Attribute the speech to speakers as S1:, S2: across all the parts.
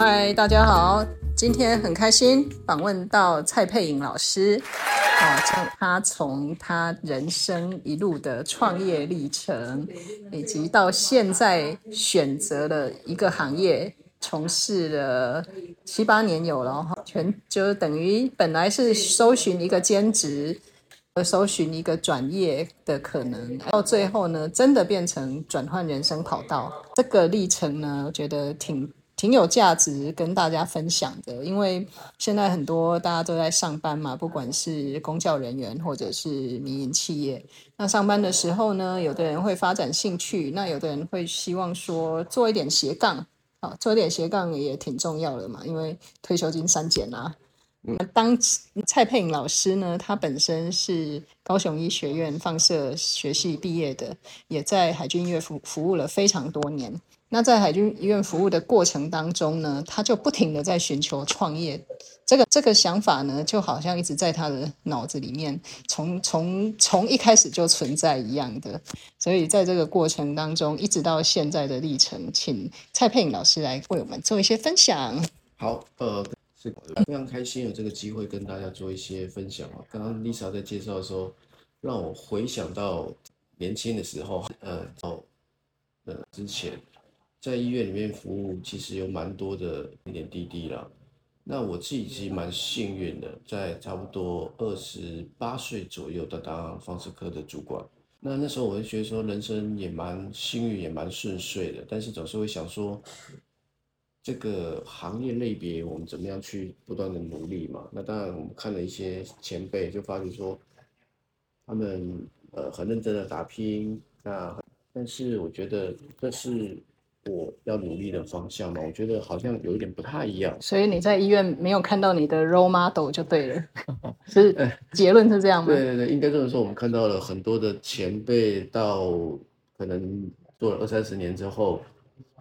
S1: 嗨，大家好！今天很開心訪問到蔡佩穎老師。從、啊、他從他人生一路的創業歷程，以及到現在選擇了一個行業，從事了七八年有了哈，全就等於本來是搜尋一個兼職，和搜尋一個轉業的可能，到最後呢，真的變成轉換人生跑道。這個歷程呢，我覺得挺。挺有價值跟大家分享的，因為現在很多大家都在上班嘛，不管是公教人員或者是民營企業，那上班的時候呢，有的人會發展興趣，那有的人會希望說做一點斜槓，啊、哦，做一點斜槓也挺重要的嘛，因為退休金三減啊。那當蔡佩穎老師呢，他本身是高雄醫學院放射學系畢業的，也在海軍醫院服服務了非常多年。那在海軍醫院服務的過程當中呢，他就不停地在尋求創業，這個這個想法呢，就好像一直在他的腦子裡面，從從從一開始就存在一樣的。所以在這個過程當中，一直到現在的歷程，請蔡佩穎老師來為我們做一些分享。
S2: 好，呃，是非常開心有這個機會跟大家做一些分享啊。嗯、剛剛 Lisa 在介紹的時候，讓我回想到年輕的時候，呃，到呃，之前。在醫院裡面服務，其實有蠻多的點點滴滴了。那我自己其實蠻幸運的，在差不多二十八歲左右到當放射科的主管。那那時候我就覺得說，人生也蠻幸運，也蠻順遂的。但是總是會想說，這個行業類別，我們怎麼樣去不斷的努力嘛？那當然，我們看了一些前輩，就發覺說，他們呃很認真的打拼。那但是我覺得這是我要努力的方向嘛，我覺得好像有一點不太一樣。
S1: 所以你在醫院沒有看到你的 role model 就對了，
S2: 是，結論是這樣嗎？ 對對對，應該這麼說。我們看到了很多的前輩，到可能做了二三十年之後，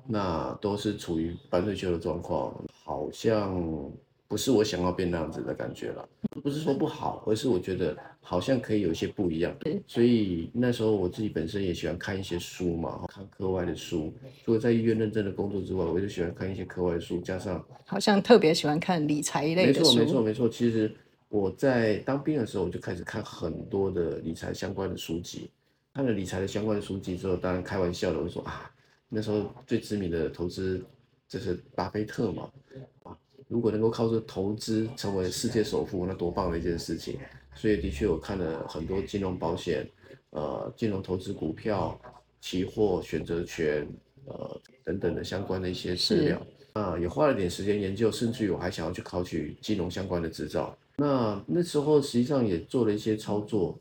S2: 那都是處於半退休的狀況，好像。不是我想要變那樣子的感覺了，不是說不好，而是我覺得好像可以有一些不一樣。對，所以那時候我自己本身也喜歡看一些書嘛，看課外的書。除了在醫院認真的工作之外，我就喜歡看一些課外的書，加上
S1: 好像特別喜歡看理財一類的書。沒錯，沒錯，
S2: 沒錯。其實我在當兵的時候，我就開始看很多的理財相關的書籍。看了理財的相關的書籍之後，當然開玩笑的我就說啊，那時候最知名的投資就是巴菲特嘛，對，啊。如果能夠靠着投資成為世界首富，那多棒的一件事情！所以的確，我看了很多金融保險、呃金融投資、股票、期貨、選擇權、呃等等的相關的一些資料是啊，也花了點時間研究，甚至於我還想要去考取金融相關的執照。那那時候實際上也做了一些操作，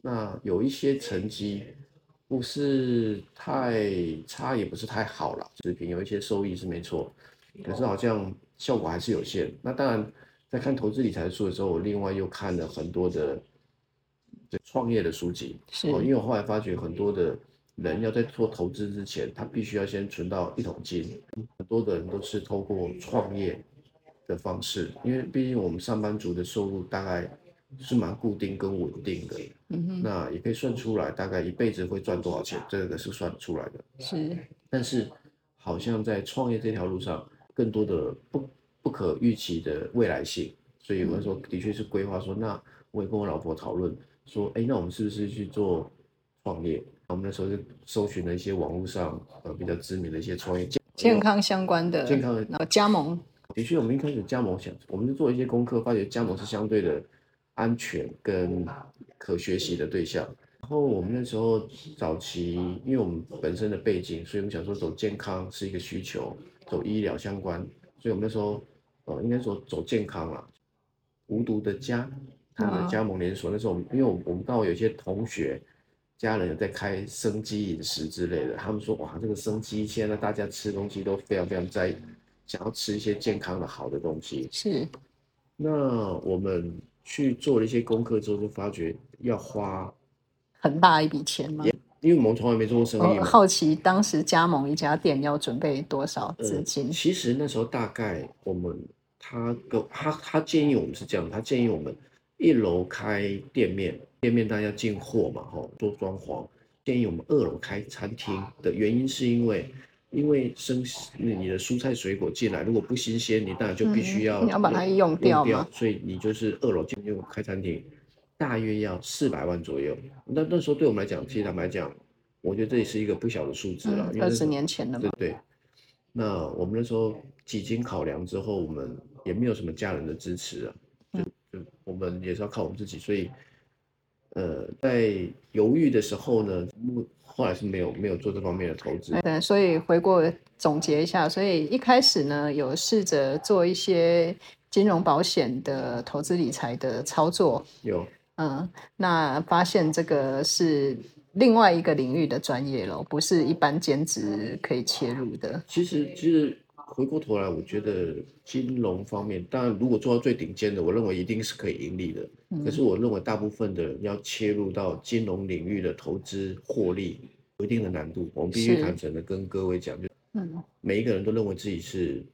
S2: 那有一些成績，不是太差，也不是太好了，水、就是、平有一些收益是沒錯，可是好像。效果還是有限。那當然，在看投資理財書的時候，我另外又看了很多的創業的書籍。是。哦，因為我後來發覺很多的人要在做投資之前，他必須要先存到一桶金。很多的人都是通過創業的方式，因為畢竟我們上班族的收入大概是蠻固定跟穩定的。嗯哼。那也可以算出來，大概一輩子會賺多少錢，這個是算得出來的。
S1: 是。
S2: 但是，好像在創業這條路上。更多的不不可預期的未來性，所以我們說的確是規劃說，嗯、那我也跟我老婆討論說，誒，那我們是不是去做創業？我們那時候就搜尋了一些網絡上呃比較知名的一些創業健
S1: 健康相關的健
S2: 康的加盟。的確，我們一開始加盟想，我們就做一些功課，發覺加盟是相對的安全跟可學習的對象。然後我們那時候早期，因為我們本身的背景，所以我們想說走健康是一個需求。走醫療相關，所以我們那時候，呃、哦，應該說走健康了，啊。無毒的家，他們的加盟連鎖、oh. 那時候我，因為我們我們到有些同學家人有在開生機飲食之類的，他們說哇，這個生機現在大家吃東西都非常非常在意，想要吃一些健康的好的東西。是。那我們去做了一些功課之後，就發覺要花
S1: 很大一筆錢嗎？
S2: 因為我們從來沒做過生意嘛。好
S1: 奇、哦、當時加盟一家店要準備多少資
S2: 金？嗯、其實那時候大概我們他跟他他建議我們是這樣，他建議我們一樓開店面，店面大家進貨嘛，哈、哦，做裝潢。建議我們二樓開餐廳的原因是因為，因為生你的蔬菜水果進來如果不新鮮，你當然就必須要，嗯，你要把它用掉，用掉所以你就是二樓進去開餐廳。大約要四百萬左右，那那時候對我們來講，其實坦白講，我覺得這也是一個不小的數字了。二十、嗯嗯、年前的嘛，對，對對。那我們那時候幾經考量之後，我們也沒有什麼家人的支持啊、嗯，就就我們也是要靠我們自己。所以，呃，在猶豫的時候呢，後來是沒有沒有做這方面的投資。
S1: 對，所以回過總結一下，所以一開始呢，有試着做一些金融保險的投資理財的操作，有。嗯，那發現這個是另外一個領域的專業嘍，不是一般兼職可以切入的。
S2: 其實，其實回過頭來，我覺得金融方面，當然如果做到最頂尖的，我認為一定是可以盈利的。嗯，可是我認為大部分的要切入到金融領域的投資獲利，有一定的難度。我們必須坦誠的跟各位講，是就嗯，每一個人都認為自己是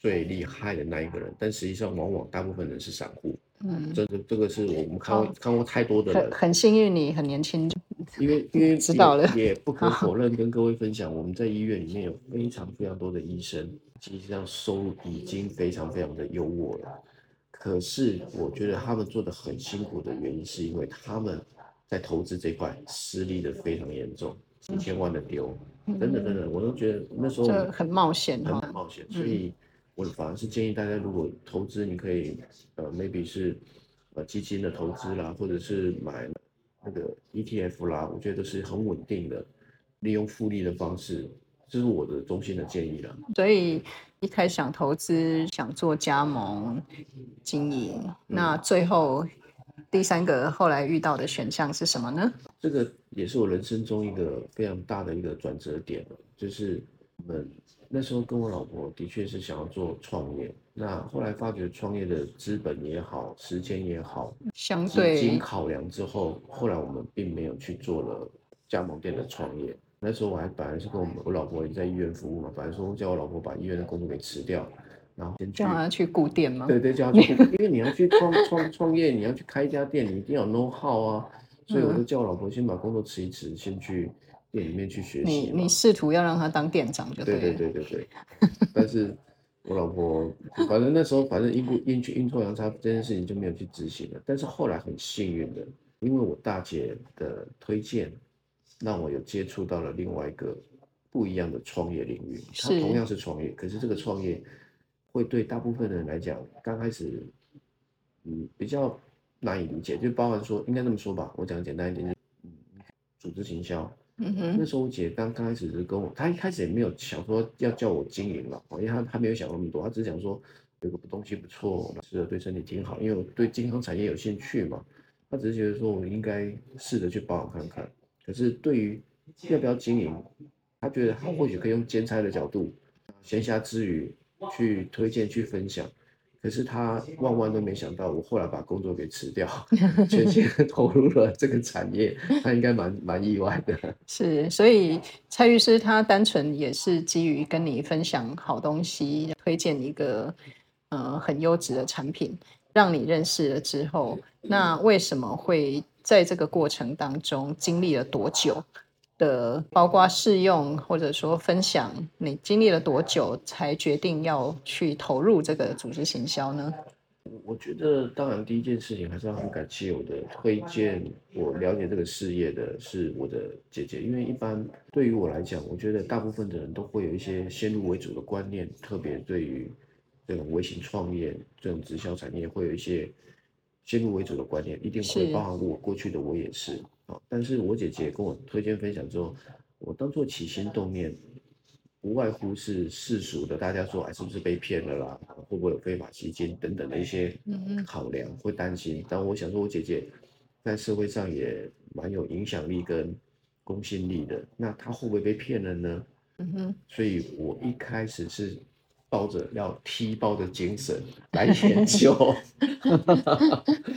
S2: 最厲害的那一個人，嗯，但實際上往往大部分人是散戶。嗯，這個這個是我們看過、哦、看過太多的，
S1: 很幸運你很年輕，因
S2: 為因為知道了，也不可否認，跟各位分享，好我們在醫院裡面有非常非常多的醫生，其實這樣收入已經非常非常的優渥了。可是我覺得他們做的很辛苦的原因，是因為他們在投資這塊失利的非常嚴重，嗯、幾千萬、嗯、真的丟，等等等等，我都覺得那時候
S1: 很冒險，嗯、很冒險，
S2: 冒嗯、所以。我反而是建議大家，如果投資，你可以呃，maybe 是呃基金的投資啦，或者是買那個 ETF 啦，我覺得是很穩定的，利用複利的方式，這是我的中心的建議啦。
S1: 所以一開始想投資，想做加盟經營，那最後、嗯、第三個後來遇到的選項是什麼呢？
S2: 這個也是我人生中一個非常大的一個轉折點，就是我們、嗯那時候跟我老婆的確是想要做創業，那後來發覺創業的資本也好，時間也好，
S1: 相對經
S2: 考量之後，後來我們並沒有去做了加盟店的創業。那時候我還本來是跟我我老婆也在醫院服務嘛，本來說我叫我老婆把醫院的工作給辭掉，然後先這樣要去顧店嗎？對對，對，叫他去， 因為你要去創創創業，你要去開一家店，你一定要 know how 啊，所以我就叫我老婆先把工作辭一辭，先去。店裡面去學習，
S1: 你你試圖要讓他當店長。對，對
S2: 對對對對。 但是，我老婆反正那時候反正陰因陰錯陽差這件事情就沒有去執行了。但是後來很幸運的，因為我大姐的推薦，讓我有接觸到了另外一個不一樣的創業領域。他是同樣是創業，可是這個創業會對大部分人來講，剛開始嗯比較難以理解，就包含說應該這麼說吧，我講簡單一點是，嗯，組織行銷。嗯哼，那時候我姐剛開始是跟我，她一開始也沒有想說要叫我經營了，因為她她沒有想那麼多，她只是想說有個東西不錯，吃的對身體挺好，因為我對健康產業有興趣嘛，她只是覺得說我應該試着去保養看看，可是對於要不要經營，她覺得她或許可以用兼差的角度，閒暇之餘去推薦去分享。可是他，萬萬都沒想到，我後來把工作給辭掉，全心投入了這個產業。他應該蠻蠻意外的。 是，所
S1: 以蔡律師他單純也是基於跟你分享好東西，推薦一個呃很優質的產品，讓你認識了之後，那為什麼會在這個過程當中經歷了多久？的包括試用，或者說分享，你經歷了多久才決定要去投入這個組織行銷呢？
S2: 我覺得，當然第一件事情還是要很感謝我的推薦，我了解這個事業的是我的姐姐。因為一般對於我來講，我覺得大部分的人都會有一些先入為主的觀念，特別對於這種微型創業、這種直銷產業，會有一些。先入為主的觀念，一定會包含我過去的，我也是啊。但是，我姐姐跟我推薦分享之後，我當做起心動念，不外乎是世俗的，大家說哎，是不是被騙了啦？會不會有非法吸金等等的一些考量，會擔心。但我想說，我姐姐在社會上也蠻有影響力跟公信力的，那她會不會被騙了呢？嗯哼。所以我一開始是。抱着要踢爆的精神來研究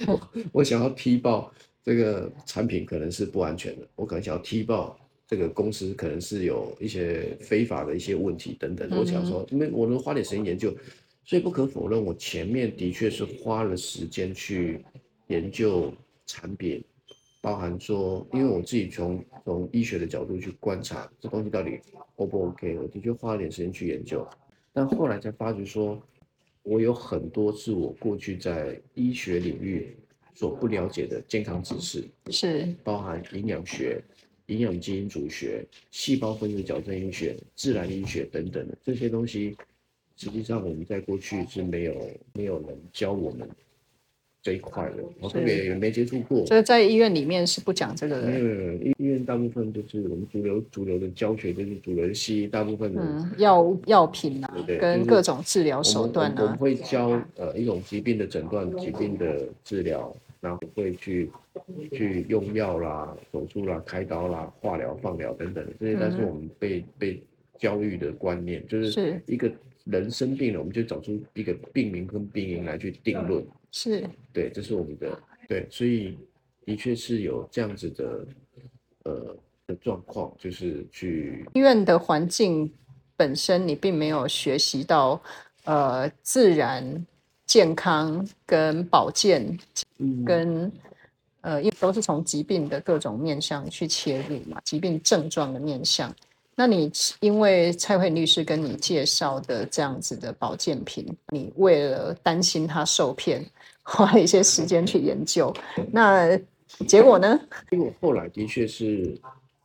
S2: 我，我想要踢爆這個產品可能是不安全的，我可能想要踢爆這個公司可能是有一些非法的一些問題等等。我想說，那我能花點時間研究，所以不可否認，我前面的確是花了時間去研究產品，包含說，因為我自己從從醫學的角度去觀察這東西到底 O 不 OK，我的確花了點時間去研究。但後來才發覺說，說，我有很多是我過去在醫學領域所不了解的健康知識，是包含營養學、營養基因組學、細胞分子矯正醫學、自然醫學等等的這些東西，實際上我們在過去是沒有沒有人教我們。這一塊的，嗯、我特別也沒接觸過。所以
S1: 在醫院裡面是不講這個的。嗯，
S2: 醫醫院大部分就是我們主流主流的教學，就是主流的西醫大部分的。
S1: 藥藥、
S2: 嗯、品啊，對，對對？跟各種治療手段、啊、我，們我，們我們會教呃一種疾病的診斷、疾病的治療，然後會去去用藥啦、手術啦、開刀啦、化療、放療等等這些。嗯、但是我們被被教育的觀念就是一個人生病了，我們就找出一個病名跟病因來去定論。是對，這是我們的，對，所以的確是有這樣子的，呃狀況，就是去
S1: 醫院的環境本身，你並沒有學習到呃自然健康跟保健跟，跟、嗯、呃，因為都是從疾病的各種面向去切入嘛，疾病症狀的面向。那你因為蔡慧律師跟你介紹的這樣子的保健品，你為了擔心他受騙，花了一些時間去研究，那結果呢？
S2: 結果後來的確是，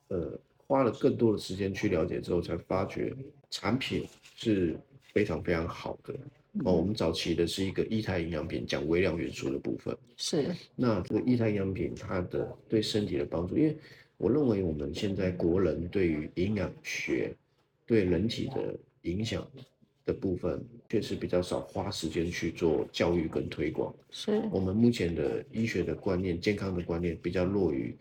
S2: 呃，花了更多的時間去了解之後，才發覺產品是非常非常好的。嗯、哦，我們早期的是一個液態營養品，講微量元素的部分。是。那這個液態營養品它的對身體的幫助，因為我認為我們現在國人對於營養學對人體的影響的部分。確實比較少花時間去做教育跟推廣，是我們目前的醫學的觀念、健康的觀念比較弱於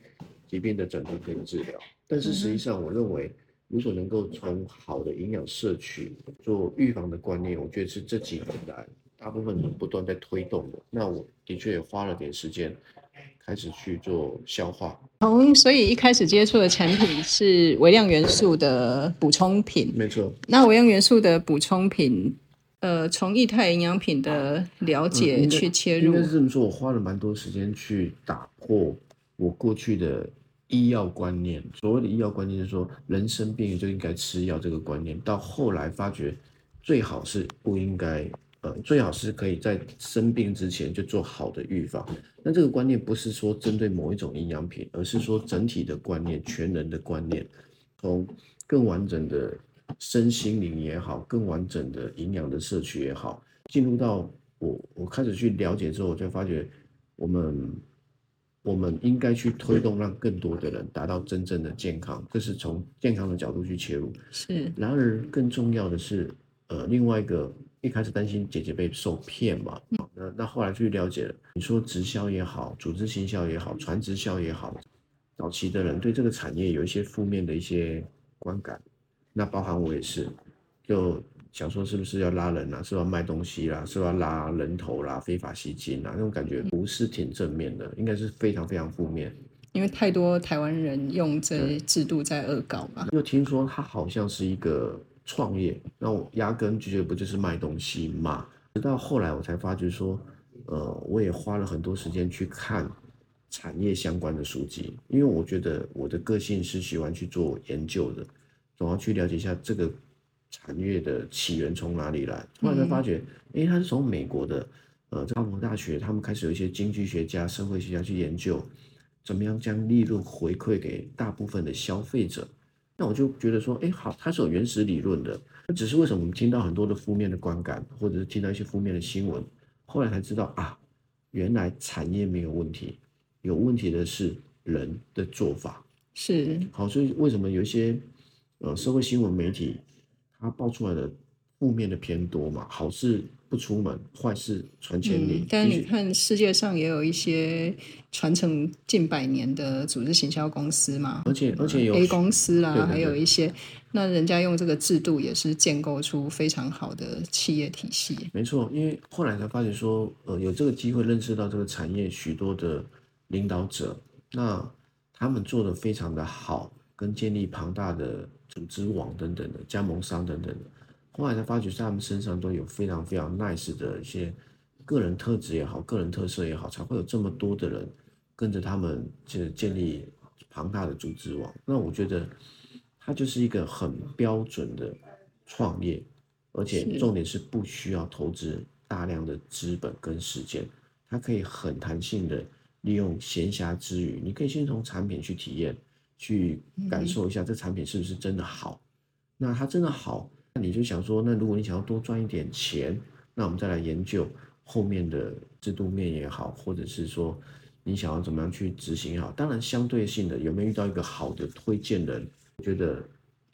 S2: 疾病的診斷跟治療。但是實際上，我認為，如果能夠從好的營養攝取做預防的觀念，我覺得是這幾年來大部分人不斷在推動的。那我的確也花了點時間開始去做消化。
S1: 從所以一開始接觸的產品是微量元素
S2: 的補充品，沒錯。
S1: 那微量元素的補充品。呃，從液態營養品的了解去切入。嗯、應該是這
S2: 麼說，我花了蠻多時間去打破我過去的醫藥觀念。所謂的醫藥觀念就是說，人生病就應該吃藥這個觀念。到後來發覺，最好是不應該，呃，最好是可以在生病之前就做好的預防。那這個觀念不是說針對某一種營養品，而是說整體的觀念，全人的觀念，從更完整的。身心靈也好，更完整的營養的攝取也好，進入到我我開始去了解之後，我就發覺我們我們應該去推動，讓更多的人達到真正的健康。這是從健康的角度去切入。是。然而，更重要的是，呃，另外一個一開始擔心姐姐被受騙嘛，嗯、那那後來就去了解了，你說直銷也好，組織行銷也好，傳直銷也好，早期的人對這個產業有一些負面的一些觀感。那包含我也是，就想說是不是要拉人啊，是不是要賣東西啦、啊，是不是要拉人頭啦、啊，非法吸金啦、啊，那種感覺不是挺正面的，嗯，應該是非常非常負面。
S1: 因為太多台灣人用這
S2: 制度在惡搞嘛。又聽說他好像是一個創業，那我壓根就覺得不就是賣東西嘛。直到後來我才發覺說，呃，我也花了很多時間去看產業相關的書籍，因為我覺得我的個性是喜歡去做研究的。我要去了解一下這個產業的起源從哪裡來。後來才發覺，誒、嗯欸，它是從美國的呃，在澳門大學他們開始有一些經濟學家、社會學家去研究，怎麼樣將利潤回饋給大部分的消費者。那我就覺得說，誒、欸，好，它是有原始理論的。那只是為什麼我們聽到很多的負面的觀感，或者是聽到一些負面的新聞，後來才知道啊，原來產業沒有問題，有問題的是人的做法。
S1: 是。
S2: 好，所以為什麼有一些。呃，社會新聞媒體，它爆出來的負面的偏多嘛，好事不出門，壞事傳千里。嗯。但你
S1: 看世界上也有一些傳承近百年的組織行銷公司嘛，而且而且有 A 公司啦，還有一些，那人家用這個制度也是建構出非常好的企業體
S2: 系。沒錯，因為後來才發覺說，呃，有這個機會認識到這個產業許多的領導者，那他們做的非常的好，跟建立龐大的。組織網等等的加盟商等等的，後來才發覺在他們身上都有非常非常 nice 的一些個人特質也好，個人特色也好，才會有這麼多的人跟着他們就是建立龐大的組織網。那我覺得他就是一個很標準的創業，而且重點是不需要投資大量的資本跟時間，它可以很彈性的利用閒暇之餘，你可以先從產品去體驗。去感受一下這產品是不是真的好、嗯，那它真的好，那你就想說，那如果你想要多賺一點錢，那我們再來研究後面的制度面也好，或者是說你想要怎麼樣去執行也好。當然相對性的有沒有遇到一個好的推薦人，我覺得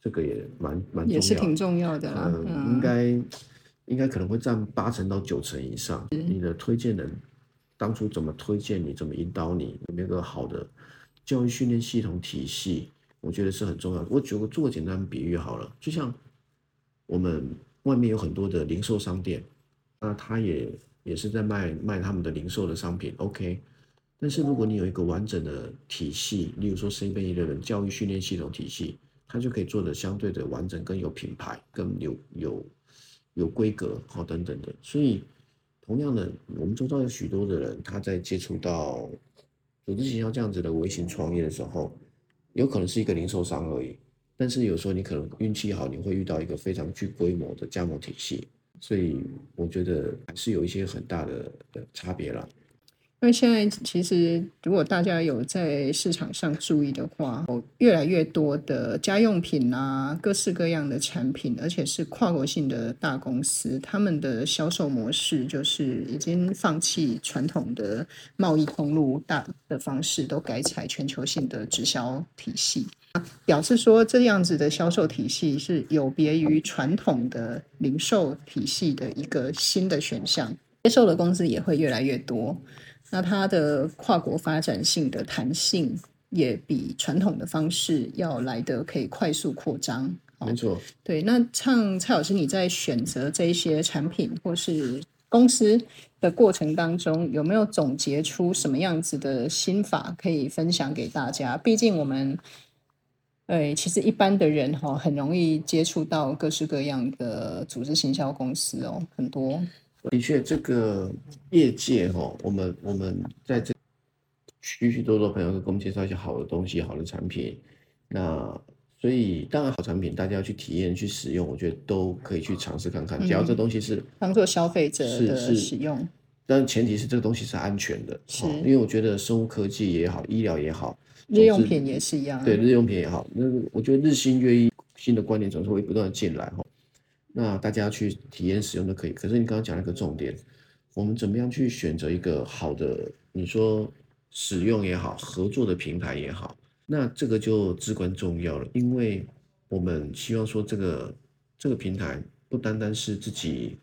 S2: 這個也蠻蠻也是挺
S1: 重要的、啊。嗯，嗯應該
S2: 應該可能會佔八成到九成以上。嗯、你的推薦人當初怎麼推薦你，怎麼引導你，有沒有一個好的？教育訓練系統體系，我覺得是很重要。我舉個做個簡單的比喻好了，就像我們外面有很多的零售商店，那他也也是在賣賣他們的零售的商品，OK。但是如果你有一個完整的體系，例如說7-11教育訓練系統體系，他就可以做得相對的完整、更有品牌、更有有有規格，好等等的。所以，同樣的，我們周遭有許多的人，他在接觸到。組織行銷這樣子的微型創業的時候，有可能是一個零售商而已。但是有時候你可能運氣好，你會遇到一個非常具規模的加盟體系，所以我覺得還是有一些很大的差別啦。
S1: 因為現在其實，如果大家有在市場上注意的話，越來越多的家用品啊，各式各樣的產品，而且是跨國性的大公司，他們的銷售模式就是已經放棄傳統的貿易通路大的方式，都改採全球性的直銷體系，表示說這樣子的銷售體系是有別於傳統的零售體系的一個新的選項，接受的公司也會越來越多。那它的跨國發展性的彈性也比傳統的方式要來得可以快速擴張好。沒錯，對。那像蔡老師你在選擇這一些產品或是公司的過程當中，有沒有總結出什麼樣子的心法可以分享給大家？畢竟我們，哎，其實一般的人哈，很容易接觸到各式各樣的組織行銷公司哦，很多。
S2: 的確，這個業界哈，我們我們在這許許多多朋友都給我們介紹一些好的東西、好的產品。那所以，當然好產品大家要去體驗、去使用，我覺得都可以去嘗試看看。只要這東西是、嗯、
S1: 當做消費者的使
S2: 用，但前提是這個東西是安全的。是因為我覺得生物科技也好，醫療也好，
S1: 日用品也是一樣、啊。對日
S2: 用品也好，那個、我覺得日新月異，新的觀念總是會不斷的進來哈。那大家去體驗使用都可以，可是你剛剛講了一個重點，我們怎麼樣去選擇一個好的，你說使用也好，合作的平台也好，那這個就至關重要了，因為我們希望說這個這個平台不單單是自己，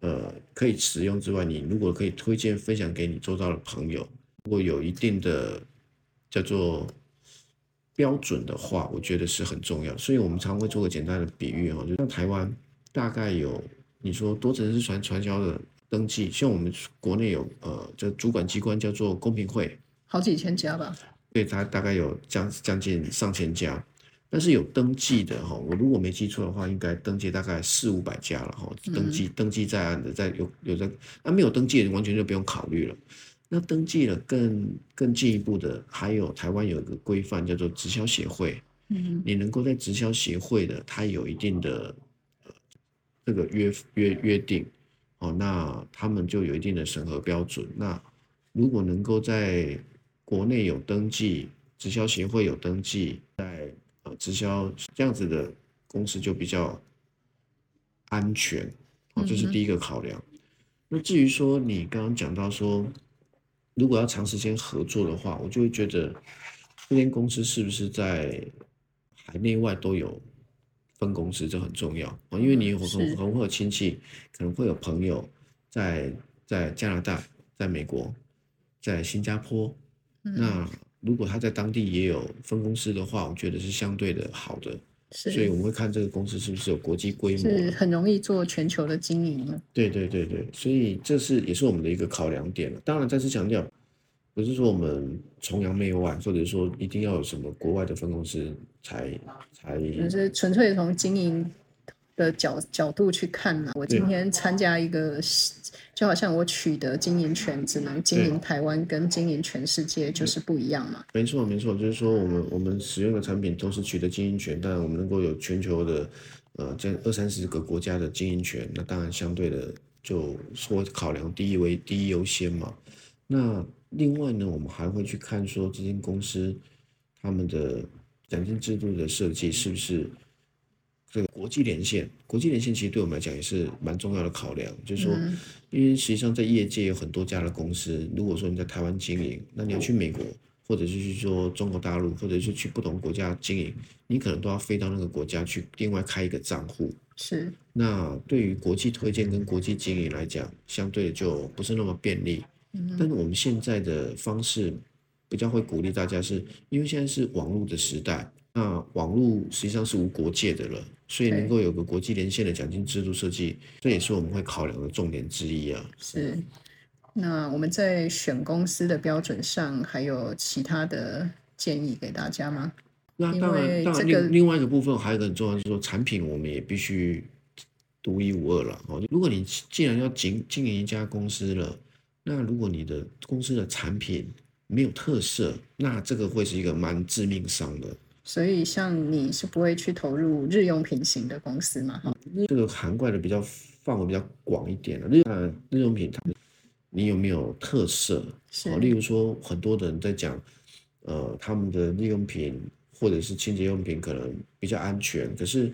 S2: 呃，可以使用之外，你如果可以推薦分享給你周遭的朋友，如果有一定的叫做標準的話，我覺得是很重要，所以我們常會做個簡單的比喻哈，就像台灣大概有你說多層次傳傳銷的登記，像我們國內有呃，就主管機關叫做公平會，
S1: 好幾千家吧，
S2: 對，它大概有將將近上千家，但是有登記的哈，我如果沒記錯的話，應該登記大概四五百家了哈，登記登記在案的，在有有在，那、啊、沒有登記的完全就不用考慮了。那登記了更更進一步的，還有台灣有一個規範叫做直銷協會，嗯哼，你能夠在直銷協會的，它有一定的呃這個約約約定，哦，那他們就有一定的審核標準。那如果能夠在國內有登記，直銷協會有登記，在呃直銷這樣子的公司就比較安全，
S1: 哦，這是第一
S2: 個考量。嗯哼。那至於說你剛剛講到說。如果要長時間合作的話，我就會覺得，這間公司是不是在海內外都有分公司，這很重要。因為你會有很很我有親戚，嗯、可能會有朋友在在加拿大、在美國、在新加坡。嗯、那如果他在當地也有分公司的話，我覺得是相對的好的。是所以我們會看這個公司是不是有國際規模，是
S1: 很容易做全球的經營。
S2: 對對對對，所以這是也是我們的一個考量點。當然，再次強調，不是說我們崇洋媚外，或者是說一定要有什麼國外的分公司才才，就
S1: 是純粹從經營。的角角度去看呢，我今天參加一個，就好像我取得經營權，只能經營台灣跟經營全世界，就是不一樣嘛。
S2: 沒錯，沒錯，就是說我們我們使用的產品都是取得經營權，但我們能夠有全球的，呃，這二三十個國家的經營權，那當然相對的就說考量第一為第一優先嘛。那另外呢，我們還會去看說，這間公司他們的獎金制度的設計是不是？這個國際連線，國際連線其實對我們來講也是蠻重要的考量，就是說，因為實際上在業界有很多家的公司，如果說你在台灣經營，那你要去美國，或者是說中國大陸，或者是去不同國家經營，你可能都要飛到那個國家去，另外開一個賬戶。是。那對於國際推薦跟國際經營來講，嗯、相對的就不是那麼便利。嗯、但是我們現在的方式，比較會鼓勵大家是，是因為現在是網絡的時代。那網絡實際上是無國界的了，所以能夠有個國際連線的獎金制度設計，Okay. 這也是我們會考量的重點之一啊。
S1: 是。那我們在選公司的標準上，還有其他的建議給大家嗎？那當然，這個當然
S2: 另外一個部分還有一個很重要，就是說，產品我們也必須獨一無二了。哦，如果你既然要經經營一家公司了，那如果你的公司的產品沒有特色，那這個會是一個蠻致命傷的。
S1: 所以，像你是不會去投入日用品型的公司嘛？哈、嗯，這
S2: 個涵蓋的比較範圍比較廣一點的，日日用品，它你有沒有特色？嗯哦、例如說很多人在講，呃，他們的日用品或者是清潔用品可能比較安全，可是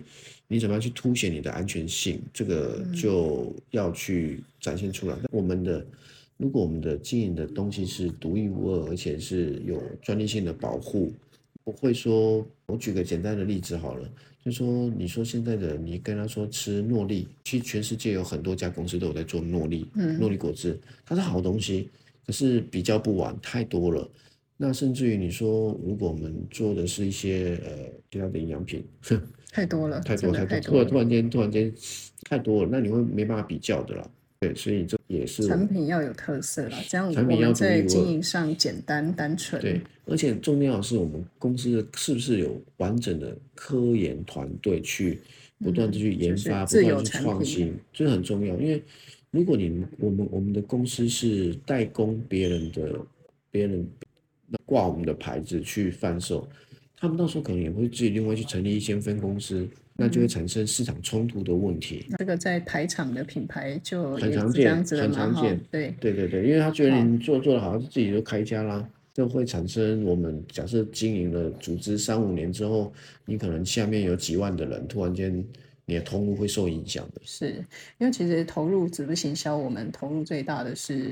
S2: 你怎麼樣去凸顯你的安全性？這個就要去展現出來。那、嗯、我們的，如果我們的經營的東西是獨一無二，而且是有專利性的保護。不會說，我舉個簡單的例子好了，就說你說現在的你跟他說吃諾麗，其實全世界有很多家公司都有在做諾麗，嗯，諾麗果汁，它是好東西，可是比較不完太多了。那甚至於你說，如果我們做的是一些呃其他的營養品，太多了，呵呵太多了太多了，太多了突，突然突然間突然間太多了，那你會沒辦法比較的啦。對，所以這也是產
S1: 品要有特色了，這樣我們產品要在經營上簡單
S2: 單純。對，而且重要的是我們公司是不是有完整的科研團隊去不斷的去研發，嗯就是、自由不斷的創新，這很重要。因為如果你我們我們的公司是代工別人的，別人掛我們的牌子去販售，他們到時候可能也會自己另外去成立一間分公司。那就會產生市場衝突的問題。嗯、
S1: 這個在台廠的品牌就很常見，很常見。對
S2: 對對對，因為他覺得你做、嗯、做得好像，自己就開家啦，就會產生我們假設經營了組織三五年之後，你可能下面有幾萬的人，突然間你的投入會受影響的。是
S1: 因為其實投入組織行銷，我們投入最大的是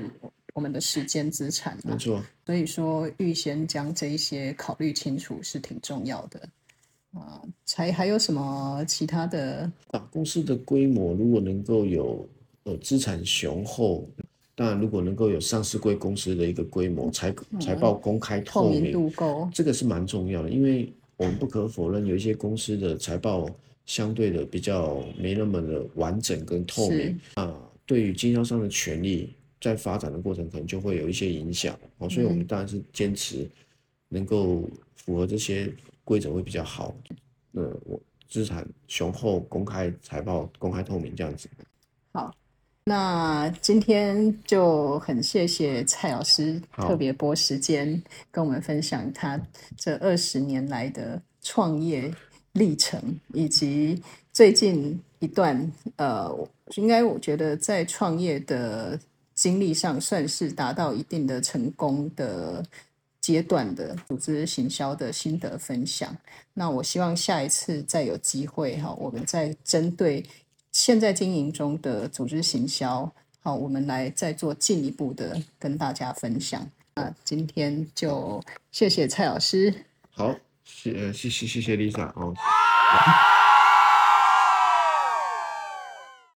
S1: 我們的時間資產。沒錯錯。所以說，預先將這一些考慮清楚是挺重要的。啊，才還有什麼其他的？
S2: 公司的規模，如果能夠有呃資產雄厚，當然如果能夠有上市櫃公司的一個規模，財財報公開透明、嗯、透明度高，這個是蠻重要的。因為我們不可否認，有一些公司的財報相對的比較沒那麼的完整跟透明啊，是對於經銷商的權利在發展的過程可能就會有一些影響哦，所以我們當然是堅持能夠符合這些規則會比較好。那、呃、我資產雄厚，公開財報，公開透明這樣子。好，
S1: 那今天就很謝謝蔡老師特別撥時間跟我們分享他這二十年來的創業歷程，以及最近一段呃，應該我覺得在創業的經歷上算是達到一定的成功的階段的組織行銷的心得分享，那我希望下一次再有機會哈，我們再針對現在經營中的組織行銷，好，我們來再做進一步的跟大家分享。那今天就謝謝蔡老師，
S2: 好，謝謝謝謝謝，謝 Lisa 哦。哦。